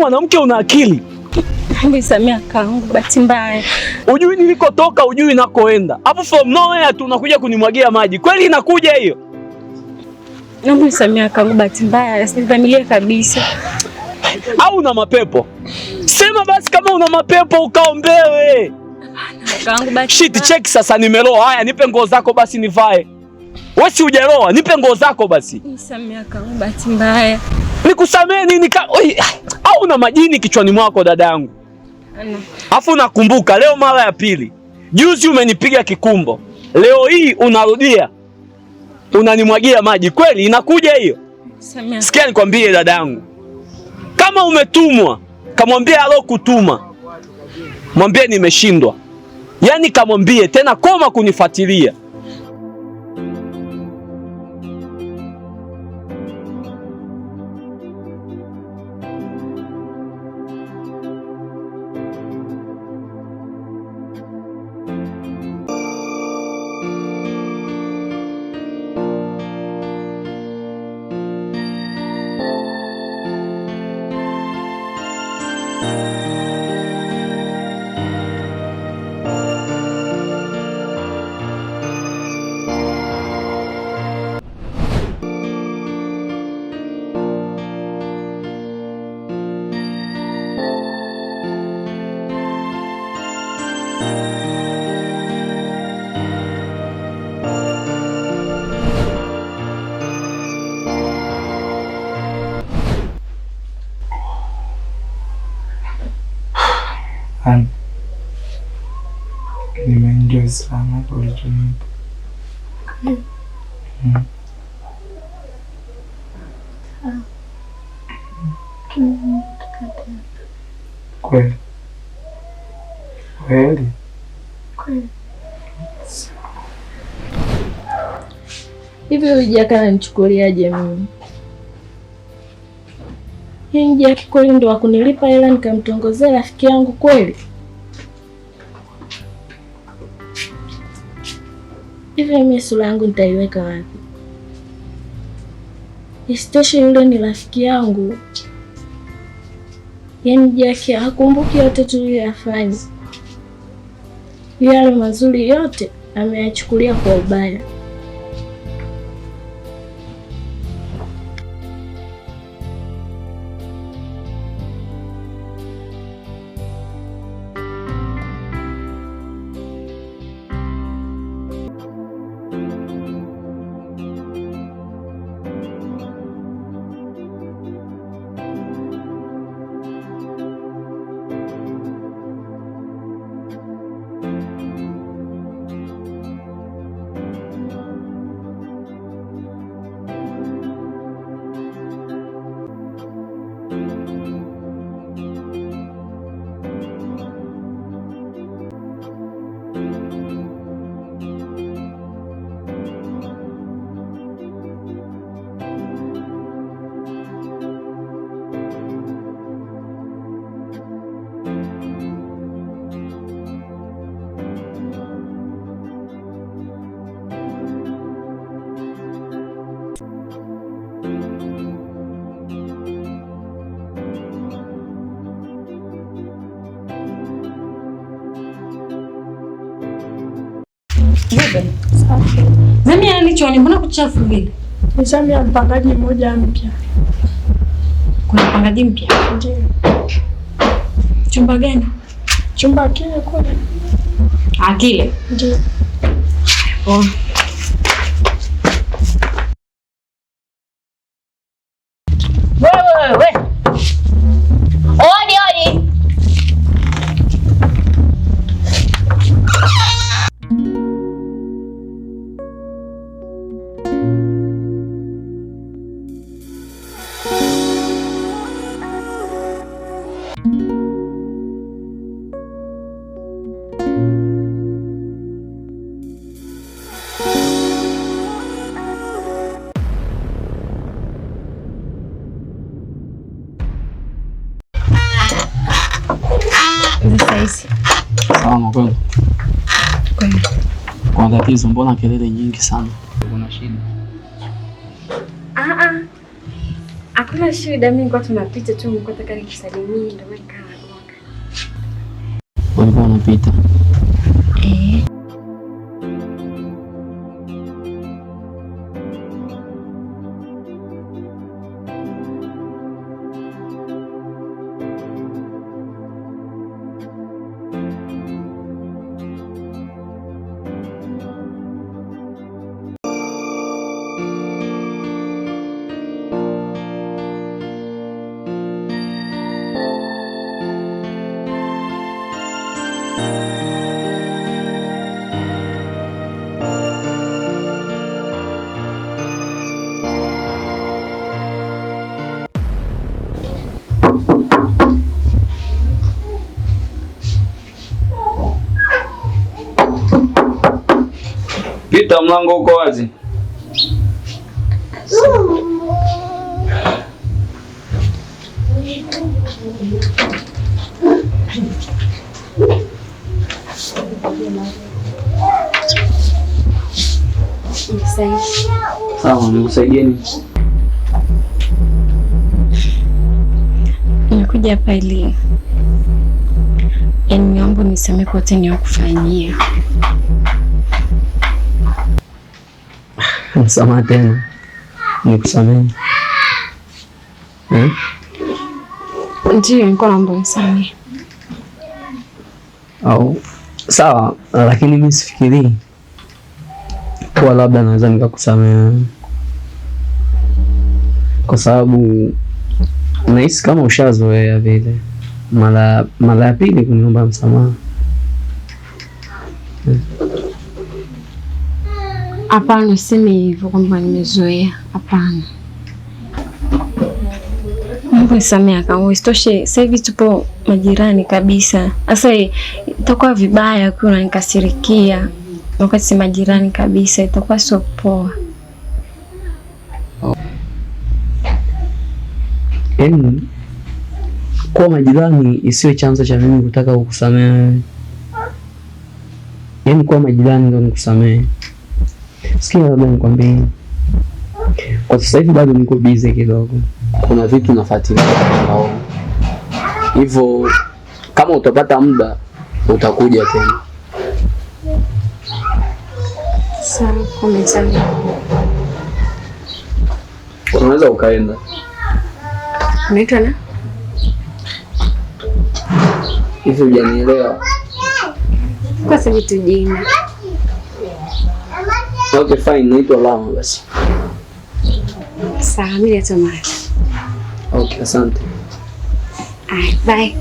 mwanamke una akili. Samia kangu, bahati mbaya. Ujui nilikotoka, ujui nakoenda. Hapo from nowhere tu unakuja kunimwagia maji. Kweli inakuja hiyo? Samia kangu, bahati mbaya, sivamilia kabisa. Au una mapepo? Sema basi kama una mapepo ukaombewe. Shit, check sasa nimeloa. Haya, nipe nguo zako basi nivae. Wasi hujaoa, nipe nguo zako basi. Nisamea kama bahati mbaya. Nikusamee nini ka... au na majini kichwani mwako dada yangu. Alafu nakumbuka leo mara ya pili. Juzi umenipiga kikumbo. Leo hii unarudia. Unanimwagia maji. Kweli inakuja hiyo? Sikia nikwambie dada yangu. Kama umetumwa, kamwambie kutuma Mwambie nimeshindwa. Yaani kamwambie tena koma kunifuatilia. And nimeenjoy sana ulichonipa. Kweli kweli hivi, mimi? Yaani Jaki kweli ndo akunilipa hela nikamtongozea rafiki yangu kweli? Hivyo mimi sura yangu nitaiweka wapi? Isitoshe yule ni rafiki yangu. Yaani Jaki hakumbuki yote tuliyoyafanya, yale mazuri yote ameyachukulia kwa ubaya. Zamia ni choni, mbona kuchafu vile? Ni Zamia mpangaji mmoja mpya. Kuna mpangaji mpya? Ndiyo. Chumba gani? Chumba kile kule. Ah, kile? Ndiyo. Oh. Wewe, wewe. hizo? Mbona kelele nyingi sana? Kuna shida? Ah ah. Hakuna shida, mimi kwa tunapita tu, mko taka nikusalimie ndio maana. Walikuwa wanapita. Pita, mlango uko wazi. Sawa, nikusaidieni. Nimekuja hapa ili yaani niombe unisamehe kote niwakufanyia Msamaha tena nikusamehe eh? Ndio, niko naomba unisamehe. Au sawa, lakini mimi sifikirii kuwa labda naweza nikakusamehe kwa sababu nahisi kama ushazoea vile, mara mara ya pili kuniomba msamaha eh? Hapana, seme hivyo kwamba nimezoea. Hapana, Mungu nisamee kama Isitoshe sasa hivi tupo majirani kabisa. Sasa itakuwa vibaya ukiwa unanikasirikia wakati si majirani kabisa, itakuwa sio poa. Yaani kuwa majirani isiyo chanzo cha mimi kutaka kukusamehe. Yaani kuwa majirani ndio nikusamehe. Sikia, labda nikwambie, kwa sasa hivi bado niko busy kidogo, kuna vitu nafuatilia mtandaoni, hivyo kama utapata muda utakuja tena. Unaweza ukaenda. Unaitwa na? Hivi hujanielewa? Kwa sababu tujini jina Okay, fine. Naitwa Lama basi. Sawa, mimi naitwa Mara. Okay, asante. Bye.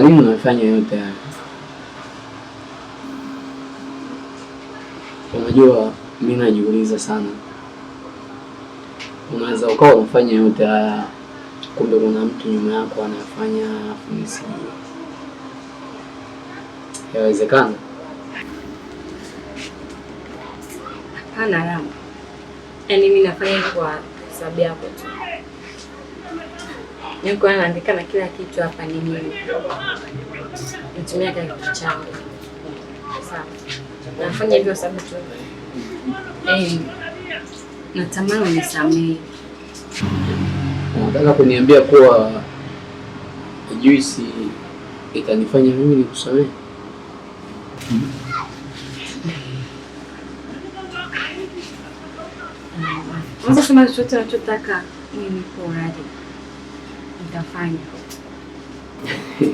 Kwa nini unafanya yote haya? Unajua, mimi najiuliza sana, unaweza ukawa unafanya yote haya, kumbe kuna mtu nyuma yako anayefanya, afu Yawezekana? Hapana, yaani mi nafanya kwa sababu yako tu niko naandika na kila kitu hapa, ni mimi natumia kila kitu changu. Sawa, nafanya hivyo sababu tu eh, natamani unisamehe. Nataka kuniambia kuwa juisi itanifanya mimi nikusamehe? Unaweza sema chochote unachotaka, mimi nipo radhi nitafanya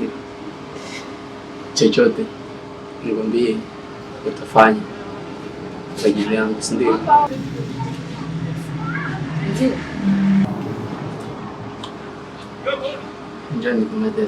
chochote, nikwambie utafanya kwa ajili yangu, si ndio? Njoo nikumete